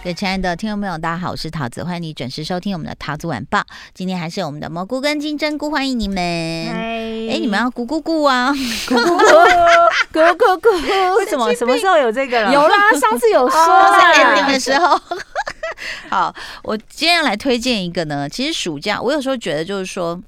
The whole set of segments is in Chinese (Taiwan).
各位親愛的聽眾朋友，大家好，我是陶子，歡迎你準時收聽我們的陶子晚報。今天還是我們的蘑菇跟金針菇，歡迎你們。哎 Hi，你們要咕咕咕啊？咕咕咕咕咕咕，鼓鼓鼓。 為什麼 什麼時候有這個了？有啦，上次有說、oh, 在年底的時候。 好，我今天要來推薦一個呢。其實暑假我有時候覺得就是說。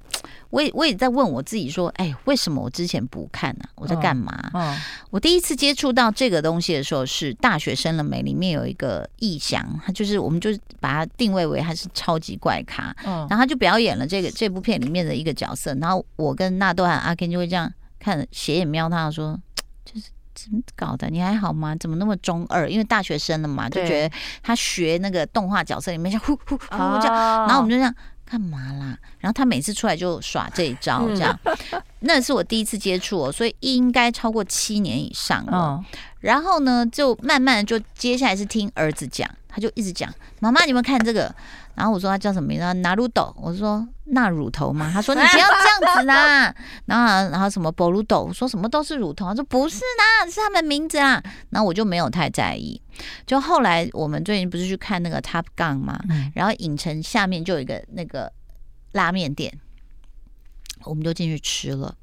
我我也在問我自己說，哎、欸，為什麼我之前不看呢、啊？我在幹嘛、啊？嗯嗯、我第一次接觸到這個東西的時候是《大學生了沒》，裡面有一個異想，他就是我們就是把它定位為他是超級怪咖，嗯、然後他就表演了這個這部片裡面的一個角色。然後我跟納豆和阿 Ken 就會這樣看斜眼瞄他，說：“就是怎麼搞的？你還好嗎？怎麼那麼中二？因為大學生了嘛，就覺得他學那個動畫角色裡面像呼呼呼呼叫，哦、然後我們就這樣。”幹嘛啦？然後他每次出來就耍這一招，這樣。 那是我第一次接觸，哦，所以應該超過七年以上哦，然後呢，就慢慢就接下來是聽兒子講，他就一直講媽媽，你們看這個。然後我說他叫什麼名字？納魯斗，我說那乳頭嘛。他說你不要這樣子啦、啊。 然後然後什麼波魯斗，說什麼都是乳頭。他說不是啦、啊，是他們名字啊。」然後我就沒有太在意。就後來我們最近不是去看那個 Top Gun 嘛，然後影城下面就有一個那個拉麵店。我們就進去吃了，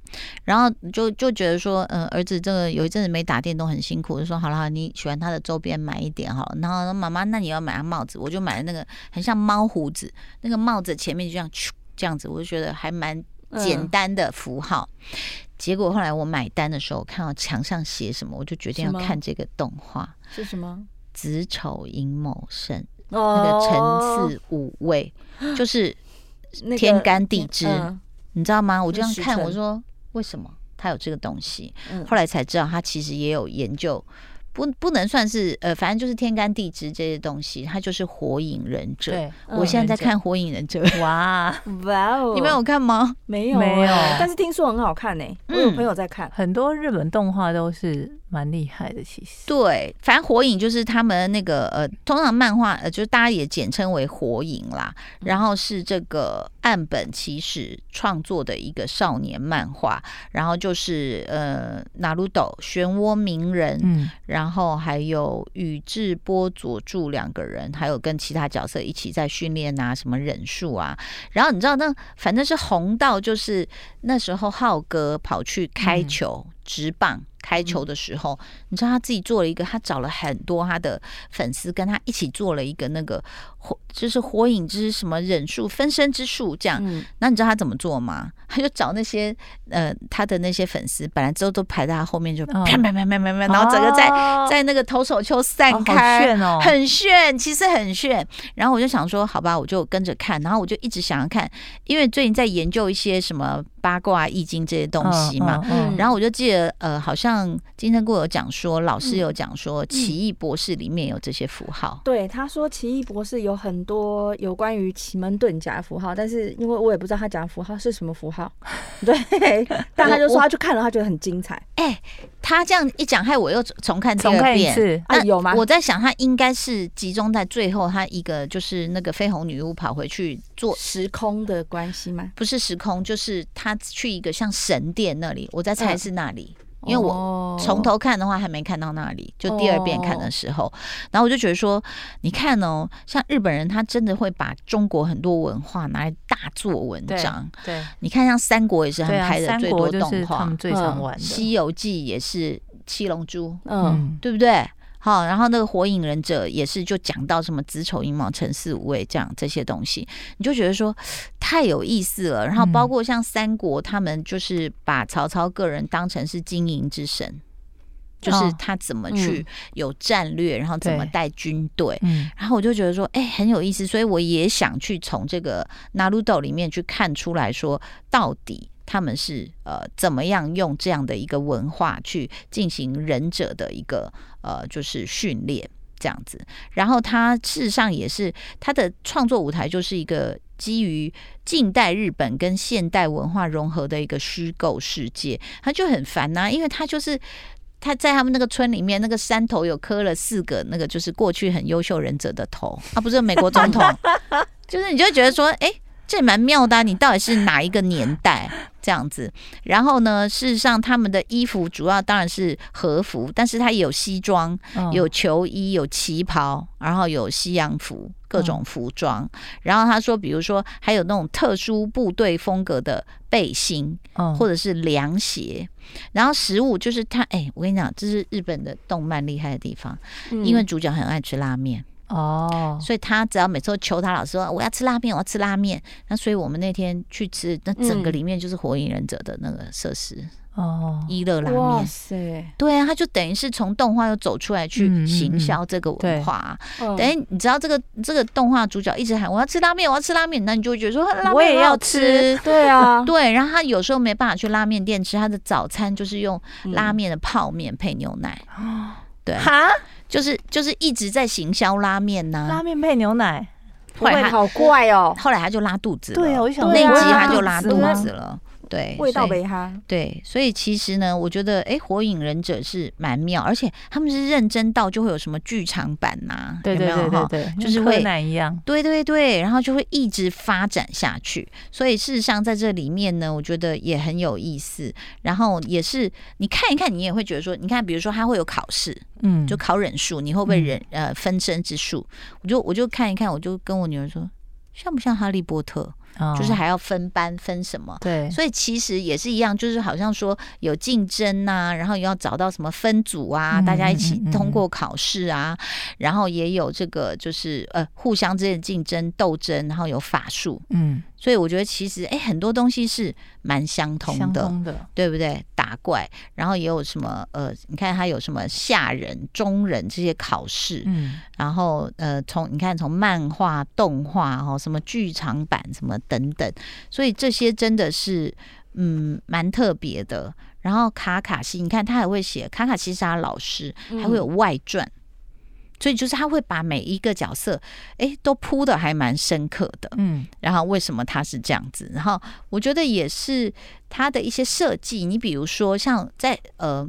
然後就就覺得說，嗯，兒子這個有一陣子沒打電動很辛苦，就說好了，好，你喜歡他的周邊買一點好了，然後媽媽，那你要買他帽子，我就買了那個很像貓胡子那個帽子，前面就這樣這樣子，我就覺得還蠻簡單的符號。嗯、結果後來我買單的時候看到牆上寫什麼，我就決定要看這個動畫是，是什麼？子丑寅卯辰那個辰巳午未，哦、就是天干地支。那個嗯你知道嗎？我就這樣看，我說為什麼他有這個東西？嗯、後來才知道他其實也有研究，不不能算是呃，反正就是天干地支這些東西，他就是《火影忍者》。嗯、我現在在看《火影忍者》。哇哇哦！Wow, 你們有看嗎？沒有沒有，沒有欸、但是聽說很好看呢、欸。嗯、我有朋友在看很多日本動畫都是。蠻厲害的，其實對，反正火影就是他們那個呃，通常漫畫呃，就是大家也簡稱為火影啦。然後是這個岸本齊史創作的一個少年漫畫，然後就是呃，ナルト漩渦鳴人，嗯、然後還有宇智波佐助兩個人，還有跟其他角色一起在訓練啊，什麼忍術啊。然後你知道那反正是紅到就是那時候浩哥跑去開球職、嗯、棒。開球的時候，嗯、你知道他自己做了一個，他找了很多他的粉絲跟他一起做了一個那個火，就是《火影之什麼忍術分身之術》這樣。嗯、那你知道他怎麼做嗎？他就找那些呃他的那些粉絲，本來之後都排在他後面，就啪啪啪啪啪啪，嗯、然後整個在、哦、在那個投手丘散開，哦、好炫喔、很炫，其實很炫。然後我就想說，好吧，我就跟着看，然後我就一直想要看，因為最近在研究一些什麼。八卦、易經這些東西嘛，嗯嗯、然後我就記得，呃，好像金正菇有講說，老師有講說，嗯，《奇異博士》裡面有這些符號。對，他說《奇異博士》有很多有關於奇門遁甲符號，但是因為我也不知道他講的符號是什麼符號， 對，但他就說他去看了，他覺得很精彩。哎。 他這樣一講，害我又重看這重看一次。那有嗎？我在想，他應該是集中在最後，他一個就是那個緋紅女巫跑回去做時空的關係嗎？不是時空，就是他去一個像神殿那裡，我在猜是那裡。嗯因為我從頭看的話還沒看到那裡，就第二遍看的時候，oh. 然後我就覺得說，你看哦、喔，像日本人他真的會把中國很多文化拿來大做文章。對，對你看像三國也是他們拍的最多動畫，對啊、國最常玩的《嗯、西遊記》也是《七龍珠》，嗯，嗯對不對？好，然後那個《火影忍者》也是就講到什麼子丑寅卯辰巳午未，這樣這些東西，你就覺得說太有意思了。然後包括像三國，他們就是把曹操個人當成是經營之神，嗯、就是他怎麼去有戰略，嗯、然後怎麼帶軍隊。對然後我就覺得說，哎、欸，很有意思，所以我也想去從這個 Naruto 裡面去看出來說到底。他們是呃怎麼樣用這樣的一個文化去進行忍者的一個呃、就是訓練這樣子，然後他事實上也是他的創作舞台就是一個基於近代日本跟現代文化融合的一個虛構世界，他就很煩吶、啊，因為他就是他在他們那個村裡面那個山頭有刻了四個那個就是過去很優秀忍者的頭啊，不是美國總統， 就是你就覺得說哎。欸這也蠻妙的啊，你到底是哪一個年代這樣子？然後呢，事實上他們的衣服主要當然是和服，但是他也有西裝、有球衣、有旗袍，然後有西洋服，各種服裝。嗯、然後他說，比如說還有那種特殊部隊風格的背心，嗯、或者是涼鞋。然後食物就是他，哎，我跟你講，這是日本的動漫厲害的地方，因為主角很愛吃拉麵。嗯哦，oh, 所以他只要每次都求他老師說，我要吃拉麵，我要吃拉麵。那所以我們那天去吃，那整個裡面就是《火影忍者》的那個設施哦，一樂、嗯、拉麵塞對啊，他就等於是從動畫又走出來去行銷這個文化，嗯嗯嗯、等於你知道這個這個動畫主角一直喊我要吃拉麵，我要吃拉麵，那你就會覺得說我也要吃，對啊， 對。然後他有時候沒辦法去拉麵店吃，他的早餐就是用拉麵的泡麵配牛奶。嗯對就是就是一直在行銷拉面吶，拉面配牛奶，後來好怪哦，後來他就拉肚子了，對那一集他就拉肚子了。對，味道為哈。對，所以其實呢，我覺得，哎、欸，《火影忍者》是蠻妙，而且他們是認真到就會有什麼劇場版吶、啊，對對對對對，就是像柯南一樣。對對對，然後就會一直發展下去。所以事實上在這裡面呢，我覺得也很有意思。然後也是你看一看，你也會覺得說，你看，比如說他會有考試，嗯，就考忍術，你會不會忍？嗯、呃，分身之術，我就我就看一看，我就跟我女兒說，像不像《哈利波特》？就是還要分班分什麼？對，所以其實也是一樣，就是好像說有競爭吶、啊，然後也要找到什麼分組啊，嗯、大家一起通過考試啊，嗯、然後也有這個就是呃互相之間的競爭鬥爭，然後有法術嗯。所以我覺得其實哎、欸，很多東西是蠻相通的，同的對不對？打怪，然後也有什麼呃，你看他有什麼下忍、中忍這些考試，嗯，然後呃，從你看從漫畫、動畫哦，什麼劇場版什麼等等，所以這些真的是嗯蠻特別的。然後卡卡西，你看他還會寫卡卡西是他老師，還會有外傳。嗯所以就是他會把每一個角色，誒、欸、都鋪的還蠻深刻的，嗯，然後為什麼他是這樣子？然後我覺得也是他的一些設計。你比如說像在呃，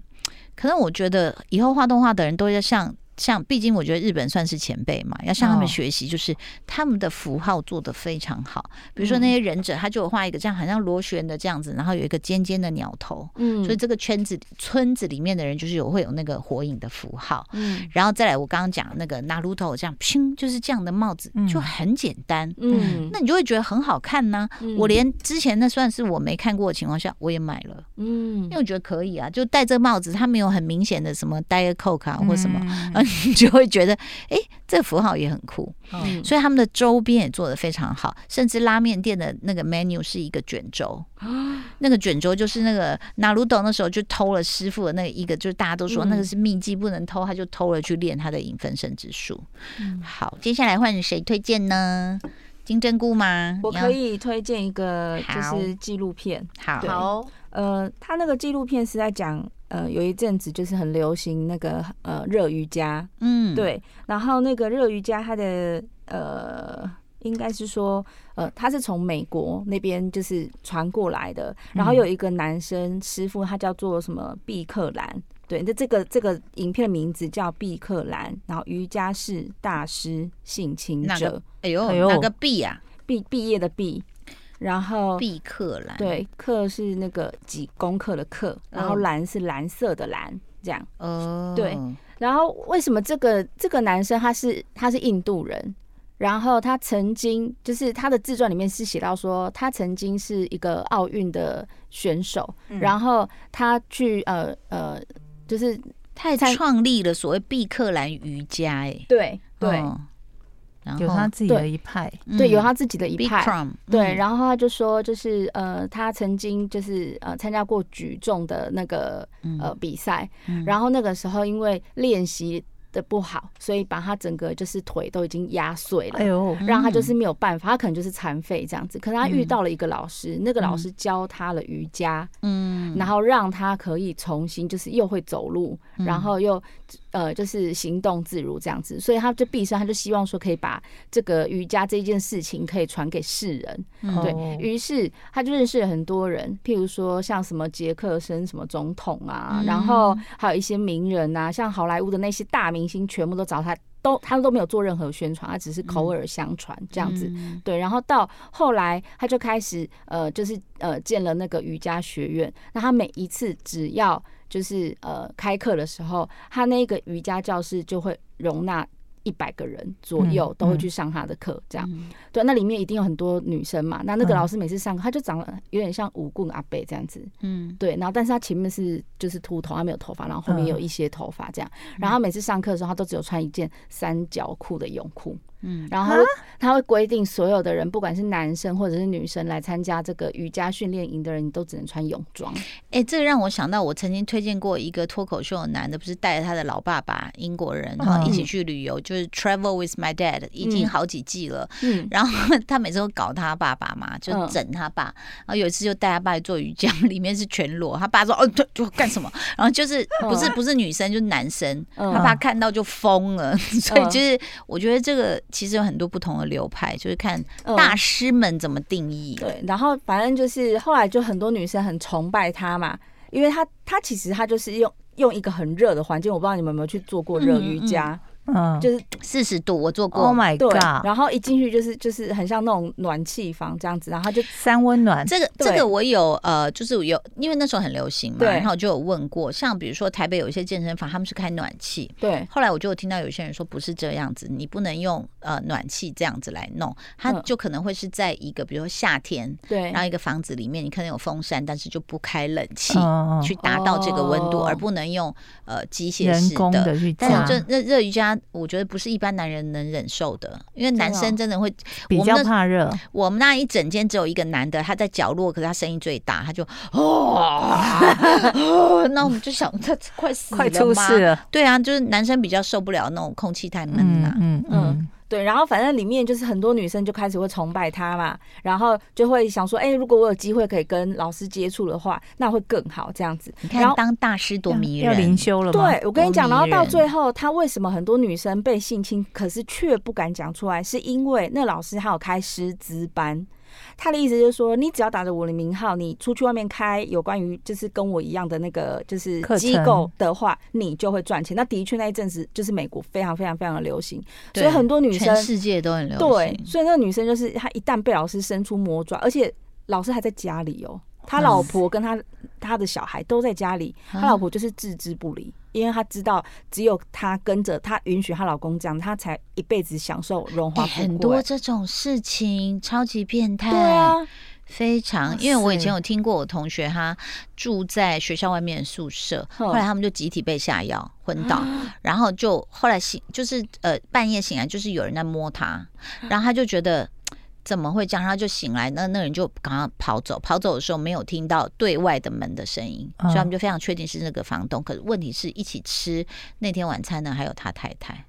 可能我覺得以後畫動畫的人都要像。像，畢竟我覺得日本算是前輩嘛，要向他們學習，就是他們的符號做得非常好。比如說那些忍者，他就有畫一個這樣好像螺旋的這樣子，然後有一個尖尖的鳥頭。嗯，所以這個圈子村子裡面的人就是有會有那個火影的符號。嗯，然後再來我剛剛講的那個 Naruto 這樣拼，就是這樣的帽子就很簡單。嗯，那你就會覺得很好看呢、啊。嗯、我連之前那算是我沒看過的情況下，我也買了。嗯，因為我覺得可以啊，就戴這個帽子，他沒有很明顯的什麼戴個扣卡或什麼，而、嗯 就會覺得，哎、欸，這個符號也很酷。嗯、所以他們的周邊也做的非常好，甚至拉麵店的那個 menu 是一個卷軸，哦、那個卷軸就是那個 Naruto 那時候就偷了師傅的那個一個，就是大家都說那個是秘技、嗯、不能偷，他就偷了去練他的影分身之術。嗯、好，接下來換誰推薦呢？金針菇嗎？我可以推薦一個，就是紀錄片。好，對好呃，他那個紀錄片是在講。呃，有一陣子就是很流行那個呃熱瑜伽，嗯，對，然後那個熱瑜伽他的呃應該是說呃他是從美國那邊就是傳過來的，然後有一個男生師傅，他叫做什麼畢克蘭，嗯、對，那這個這個影片的名字叫畢克蘭，然後瑜伽士大師性侵者，那個，哎呦，哎呦那個 B、啊、畢呀？畢畢業的畢。然後畢克藍，對，克是那個幾公克的克，嗯、然後藍是藍色的藍，這樣，嗯、對。然後為什麼這個這個男生他是他是印度人？然後他曾經就是他的自傳裡面是寫到說，他曾經是一個奧運的選手，嗯、然後他去呃呃，就是他也創立了所謂畢克藍瑜伽，哎，對對。嗯對然後有他自己的一派，對，嗯、對，有他自己的一派，畢克藍，對。然後他就說，就是呃，他曾經就是呃，參加過舉重的那個呃比賽，嗯、然後那個時候因為練習的不好，所以把他整個就是腿都已經壓碎了，哎呦，嗯、讓他就是沒有辦法，他可能就是殘廢這樣子。可是他遇到了一個老師，嗯、那個老師教他了瑜伽，嗯，然後讓他可以重新就是又會走路，嗯、然後又呃就是行動自如這樣子。所以他就畢生他就希望說可以把這個瑜伽這件事情可以傳給世人。嗯、對於是，他就認識了很多人，譬如說像什麼傑克森、什麼總統啊，嗯、然後還有一些名人啊，像好萊塢的那些大名人。明星全部都找他，都他都沒有做任何宣傳，他只是口耳相傳這樣子，嗯、對。然後到後來，他就開始呃，就是呃，建了那個瑜伽學院。那他每一次只要就是呃開課的時候，他那個瑜伽教室就會容納。一百個人左右都會去上他的課，這樣，對，那裡面一定有很多女生嘛。那那個老師每次上課，他就長得有點像五棍阿伯這樣子，嗯，對，然後但是他前面是就是禿頭，他沒有頭髮，然後後面有一些頭髮這樣。然後每次上課的時候，他都只有穿一件三角褲的泳褲。嗯，然後他會，蛤他會規定所有的人，不管是男生或者是女生來參加這個瑜伽訓練營的人，你都只能穿泳裝。哎、欸，這個讓我想到，我曾經推薦過一個脫口秀的男的，不是帶着他的老爸爸，英國人啊，嗯、然後一起去旅遊，就是 Travel with my dad，已經好幾季了。嗯，然後他每次都搞他爸爸嘛，就整他爸。嗯、然後有一次就帶他爸去做瑜伽，嗯、裡面是全裸。他爸說：“哦，就就幹什麼？”然後就是、嗯、不是不是女生就是、男生，他、嗯、爸，爸看到就瘋了。嗯、 所以就是我覺得這個。其實有很多不同的流派，就是看大師們怎麼定義。嗯，對，然後反正就是後來就很多女生很崇拜他嘛，因為他他，他其實他就是用用一個很熱的環境，我不知道你們有沒有去做過熱瑜伽。嗯嗯嗯，就是四十度，我做過。Oh my god！然後一進去就是就是很像那種暖氣房這樣子，然後就三溫暖。這個這個我有呃，就是有，因為那時候很流行嘛，然後我就有問過，像比如說台北有一些健身房，他們是開暖氣。對。後來我就有聽到有些人說，不是這樣子，你不能用呃暖氣這樣子來弄，它就可能會是在一個比如說夏天，對，然後一個房子裡面你可能有風扇，但是就不開冷氣去達到這個溫度，而不能用呃機械式的熱熱熱瑜伽。我覺得不是一般男人能忍受的，因為男生真的會真的比較怕熱。我們那一整間只有一個男的，他在角落，可是他聲音最大，他就哦， 哦，那我們就想 他快死，快出事了。對啊，就是男生比較受不了那種空氣太悶了。嗯嗯。嗯嗯呃對，然後反正裡面就是很多女生就開始會崇拜他嘛，然後就會想說，哎、欸，如果我有機會可以跟老師接觸的話，那會更好這樣子。你看當大師多迷人，要靈修了嘛？對，我跟你講，然後到最後他為什麼很多女生被性侵，可是卻不敢講出來，是因為那老師還有開師資班。他的意思就是說，你只要打着我的名號，你出去外面開有關於就是跟我一樣的那個就是機構的話，程你就會賺錢。那的確那一陣子就是美國非常非常非常的流行，對所以很多女生全世界都很流行。對，所以那個女生就是她一旦被老師伸出魔爪，而且老師還在家裡哦。他老婆跟他他的小孩都在家裡，他老婆就是置之不理，嗯、因為他知道只有他跟着他允許他老公這樣，他才一輩子享受榮華富貴，欸、很多這種事情超級變態，對啊，非常。因為我以前有聽過我同學他住在學校外面的宿舍，噢後來他們就集體被下藥昏倒，嗯、然後就後來醒就是呃半夜醒來就是有人在摸他，然後他就覺得。怎麼會這樣？他就醒來，那那人就趕快跑走，跑走的時候沒有聽到對外的門的聲音，嗯、所以他們就非常確定是那個房東。可是問題是一起吃那天晚餐呢，還有他太太，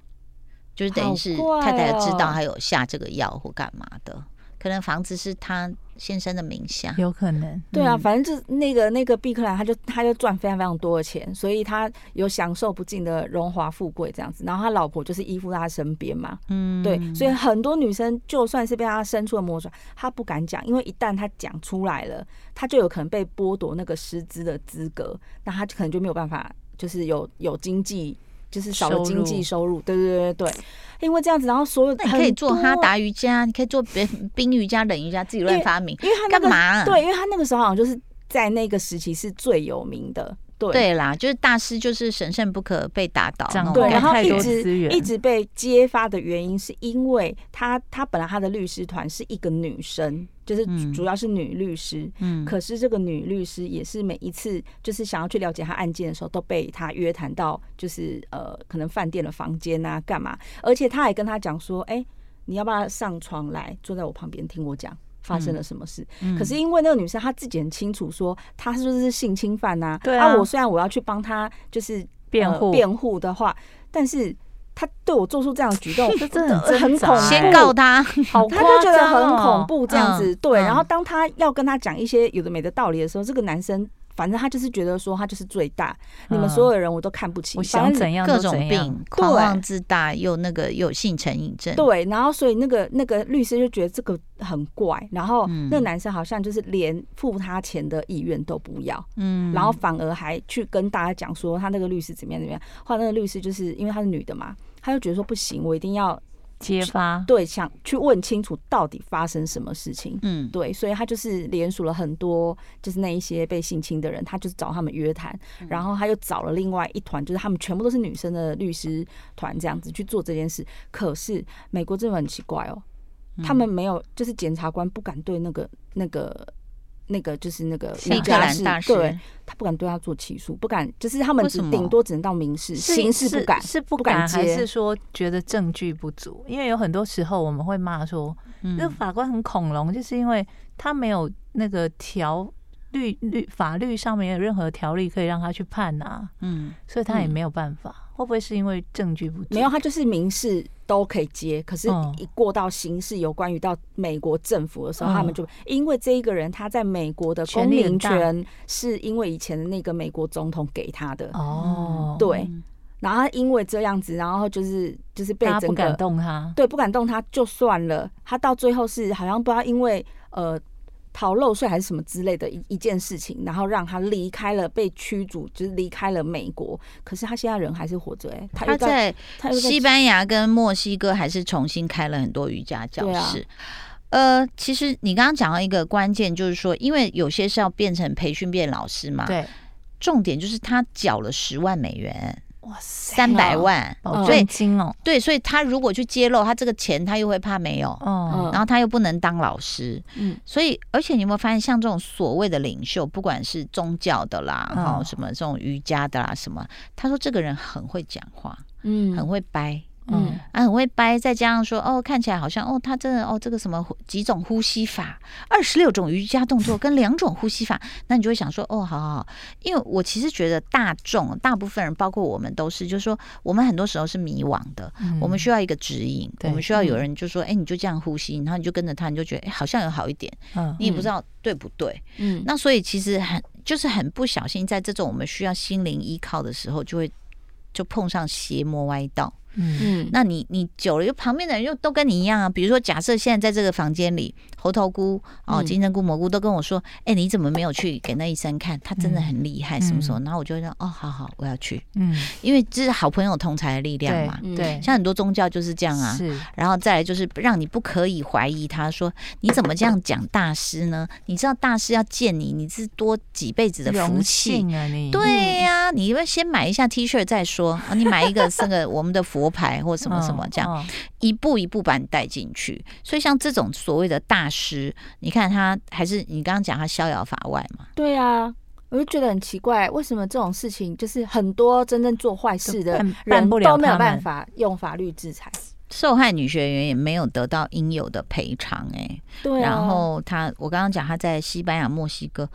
就是等於是太太知道他有下這個藥或幹嘛的，哦、可能房子是他。先生的名下有可能，對啊，嗯、反正就是那個那個畢克藍，他就他就賺非常非常多的錢，所以他有享受不盡的榮華富貴這樣子。然後他老婆就是依附在他身邊嘛，嗯，對，所以很多女生就算是被他伸出了魔爪，他不敢講，因為一旦他講出來了，他就有可能被剝奪那個師資的資格，那他就可能就沒有辦法，就是有有經濟。就是少了經濟收入，收入對對對對，因為這樣子，然後所有那你可以做哈達瑜伽， 你可以做冰冰瑜伽、冷瑜伽，自己亂發明因。因為他那個、幹嘛啊？對，因為他那個時候好像就是在那個時期是最有名的。對，對啦，就是大師就是神聖不可被打倒。這樣。對，然後一直太多一直被揭發的原因是因為他他本來他的律師團是一個女生，就是主要是女律師。嗯。可是這個女律師也是每一次就是想要去了解他案件的時候，都被他約談到就是呃可能飯店的房間啊幹嘛，而且他還跟他講說：“哎、欸，你要不要上床來坐在我旁邊聽我講？”發生了什麼事？嗯、可是因為那個女生她自己很清楚，說她是不是性侵犯吶、啊？對啊。啊我雖然我要去幫她，就是辯護辯護的話，但是她對我做出這樣的舉動是， 真的很很恐、欸。先告她，好， 她就覺得很恐怖這樣子。 嗯、對，然後當她要跟她講一些有的沒的道理的時候，這個男生。反正他就是覺得說他就是最大，嗯、你們所有的人我都看不起。我想怎樣都怎樣，各種病，狂妄自大對又那個有性成癮症。對，然後所以那個那個律師就覺得這個很怪，然後那個男生好像就是連付他錢的意願都不要，嗯，然後反而還去跟大家講說他那個律師怎麼樣怎麼樣。後來那個律師就是因為她是女的嘛，她就覺得說不行，我一定要。揭發。對，想去問清楚到底發生什麼事情。嗯，對，所以他就是聯署了很多，就是那一些被性侵的人，他就找他們約談，嗯、然後他又找了另外一團，就是他們全部都是女生的律師團，這樣子去做這件事。可是美國真的很奇怪哦，嗯、他們沒有，就是檢察官不敢對那個那個。那個就是那個畢克藍大師，對，他不敢對他做起訴，不敢，就是他們頂多只能到民事，刑事不敢，是，是不敢，敢還是說覺得證據不足？因為有很多時候我們會罵說，那法官很恐龍，就是因為他沒有那個條律律法律上面有任何條例可以讓他去判啊，嗯，所以他也沒有辦法。會不會是因為證據不足？沒有，他就是民事。都可以接，可是一過到刑事有關於到美國政府的時候，嗯、他們就因為這一個人，他在美國的公民權是因為以前的那個美國總統給他的哦，對，然後因為這樣子，然後就是就是被整個大家不敢動他，對，不敢動他就算了，他到最後是好像不知道因為呃。逃漏稅還是什麼之類的一一件事情，然後讓他離開了，被驅逐，就是離開了美國。可是他現在人還是活着、欸，哎，他在西班牙跟墨西哥還是重新開了很多瑜伽教室。啊、呃，其實你剛剛講到一個關鍵，就是說，因為有些是要變成培訓班老師嘛，對，重點就是他繳了十萬美元。哇塞，三百萬哦，保證金對哦。對，哦對，所以他如果去揭露他這個錢，他又會怕沒有、哦、然後他又不能當老師，嗯，所以而且你有沒有發現，像這種所謂的領袖，不管是宗教的啦，哦，哦，什麼這種瑜伽的啦什麼，他說這個人很會講話，嗯，很會掰。嗯，啊，很會掰，再加上說，哦，看起來好像，哦，他真的，哦，這個什麼幾種呼吸法，二十六種瑜伽動作跟兩種呼吸法， 那你就會想說，哦，好好好，因為我其實覺得大眾大部分人，包括我們都是，就是說，我們很多時候是迷惘的，嗯、我們需要一個指引，對我們需要有人，就說，哎、嗯欸，你就這樣呼吸，然後你就跟着他，你就覺得，哎、欸，好像有好一點，你也不知道、嗯、對不對，嗯，那所以其實很就是很不小心，在這種我們需要心靈依靠的時候，就會就碰上邪魔歪道。嗯，那你你久了又旁邊的人又都跟你一樣啊，比如說假設現在在這個房間裡，猴頭菇哦、金針菇、蘑菇都跟我說，哎、嗯欸，你怎麼沒有去給那醫生看？他真的很厲害，什麼什麼。嗯、然後我就說，哦，好好，我要去。嗯，因為這是好朋友同儕的力量嘛。對，嗯、像很多宗教就是這樣啊。是，然後再來就是讓你不可以懷疑他說，說你怎麼這樣講大師呢？你知道大師要見你，你是多幾輩子的福氣啊，啊！你對呀，你要不要先買一下 T 恤再說、嗯、啊，你買一個這個我們的福。佛牌或什麼什麼這樣、哦哦、一步一步把你帶進去，所以像這種所謂的大師，你看他還是你剛剛講他逍遙法外嘛？對啊，我就覺得很奇怪，為什麼這種事情就是很多真正做壞事的人都沒有辦法用法律制裁？受害女學員也沒有得到應有的賠償、欸，哎、啊，對，然後他我剛剛講他在西班牙、墨西哥。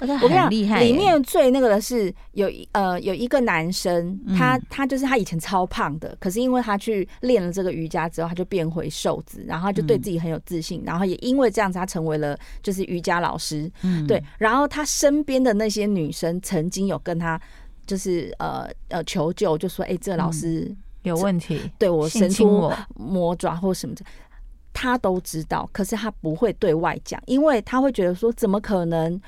我看很厲害、欸！裡面最那個的是有呃有一個男生，嗯、他他就是他以前超胖的，可是因為他去練了這個瑜伽之後，他就變回瘦子，然後他就對自己很有自信，嗯、然後也因為這樣子，他成為了就是瑜伽老師。嗯、對，然後他身邊的那些女生曾經有跟他就是呃呃求救，就說：“哎、欸，這個老師、嗯、有問題，對我伸出魔爪或什麼的。”他都知道，可是他不會對外講，因為他會覺得說：“怎麼可能？”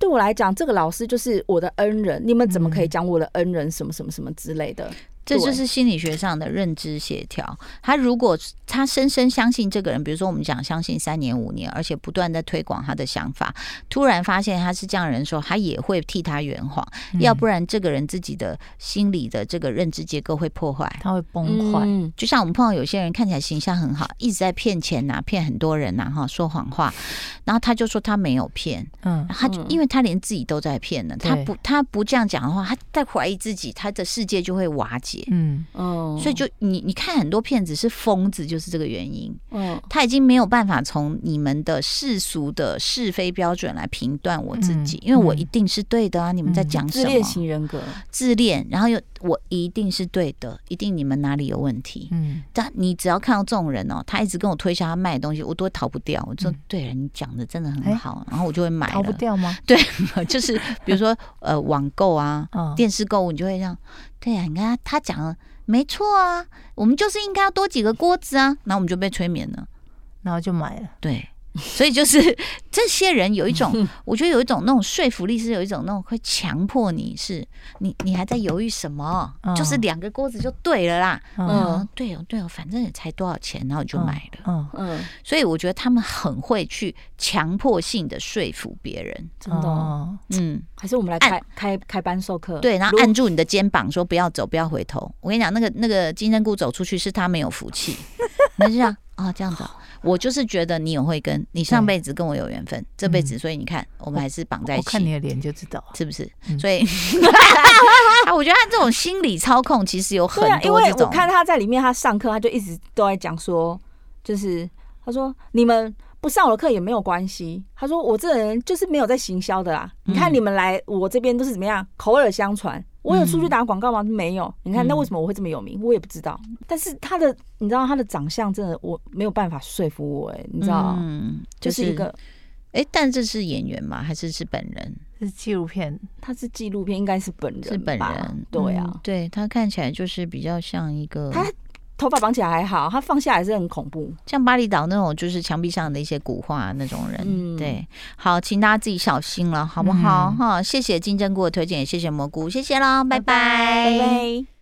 對我來講，這個老師就是我的恩人。你們怎麼可以講我的恩人什麼什麼什麼之類的？這就是心理學上的認知協調。他如果他深深相信這個人，比如說我們講相信三年五年，而且不斷在推廣他的想法，突然發現他是這樣的人的時候，他也會替他圓謊。嗯、要不然，這個人自己的心理的這個認知結構會破壞，他會崩壞。就像我們碰到有些人看起來形象很好，一直在騙錢吶、啊，騙很多人吶，哈，說謊話，然後他就說他沒有騙。嗯，他就因為他連自己都在騙呢。嗯、他不他不這樣講的話，他在懷疑自己，他的世界就會瓦解。嗯，哦，所以就你你看很多騙子是瘋子，就是這個原因。嗯、哦，他已經沒有辦法從你們的世俗的是非標準來評斷我自己，嗯嗯、因為我一定是對的啊！嗯、你們在講什麼？自戀型人格，自戀，然後又我一定是對的，一定你們哪裡有問題？嗯，但你只要看到這種人哦、喔，他一直跟我推銷他賣的東西，我都會逃不掉。我說對了，你講的真的很好，嗯、然後我就會買了、欸。逃不掉嗎？對，就是比如說 呃，網購啊，電視購物，你就會這樣。對呀、啊，你看他，他講了，沒錯啊，我們就是應該要多幾個鍋子啊，然後我們就被催眠了，然後就買了。對。 所以就是這些人有一種，我覺得有一種那種說服力是有一種那種會強迫你是你你還在猶豫什麼？嗯、就是兩個鍋子就對了啦。嗯，嗯，對哦對哦，反正也才多少錢，然後你就買了。嗯嗯。嗯所以我覺得他們很會去強迫性的說服別人，真的、哦。嗯，還是我們來開按開開班授課。對，然後按住你的肩膀說不要走，不要回頭。我跟你講，那個那個金針菇走出去是他沒有福氣。你看這樣。啊，哦、這樣子、哦，我就是覺得你有慧根，你上輩子跟我有緣分，這輩子，所以你看，我們還是綁在一起。看你的臉就知道、啊，是不是？嗯、所以， 我覺得他這種心理操控其實有很多這種。啊、因為我看他在裡面，他上課他就一直都在講說，就是他說你們不上我的課也沒有關係。他說我這人就是沒有在行銷的啦。你看你們來我這邊都是怎麼樣口耳相傳。我有出去打廣告嗎？嗯、沒有。你看，那為什麼我會這麼有名？嗯、我也不知道。但是他的，你知道他的長相，真的我沒有辦法說服我。哎，你知道嗯，就是、就是一個。哎，但這是演員嗎？還是是本人？是紀錄片，他是紀錄片，應該是本人，是本人。對啊，嗯、對他看起來就是比較像一個。啊頭髮綁起來還好，他放下還是很恐怖。像巴厘島那種，就是牆壁上的一些古畫、啊、那種人，嗯、對。好，請大家自己小心了，好不好？哈、嗯，謝謝金針菇的推薦，也謝謝蘑菇，謝謝啦，拜拜。拜拜拜拜。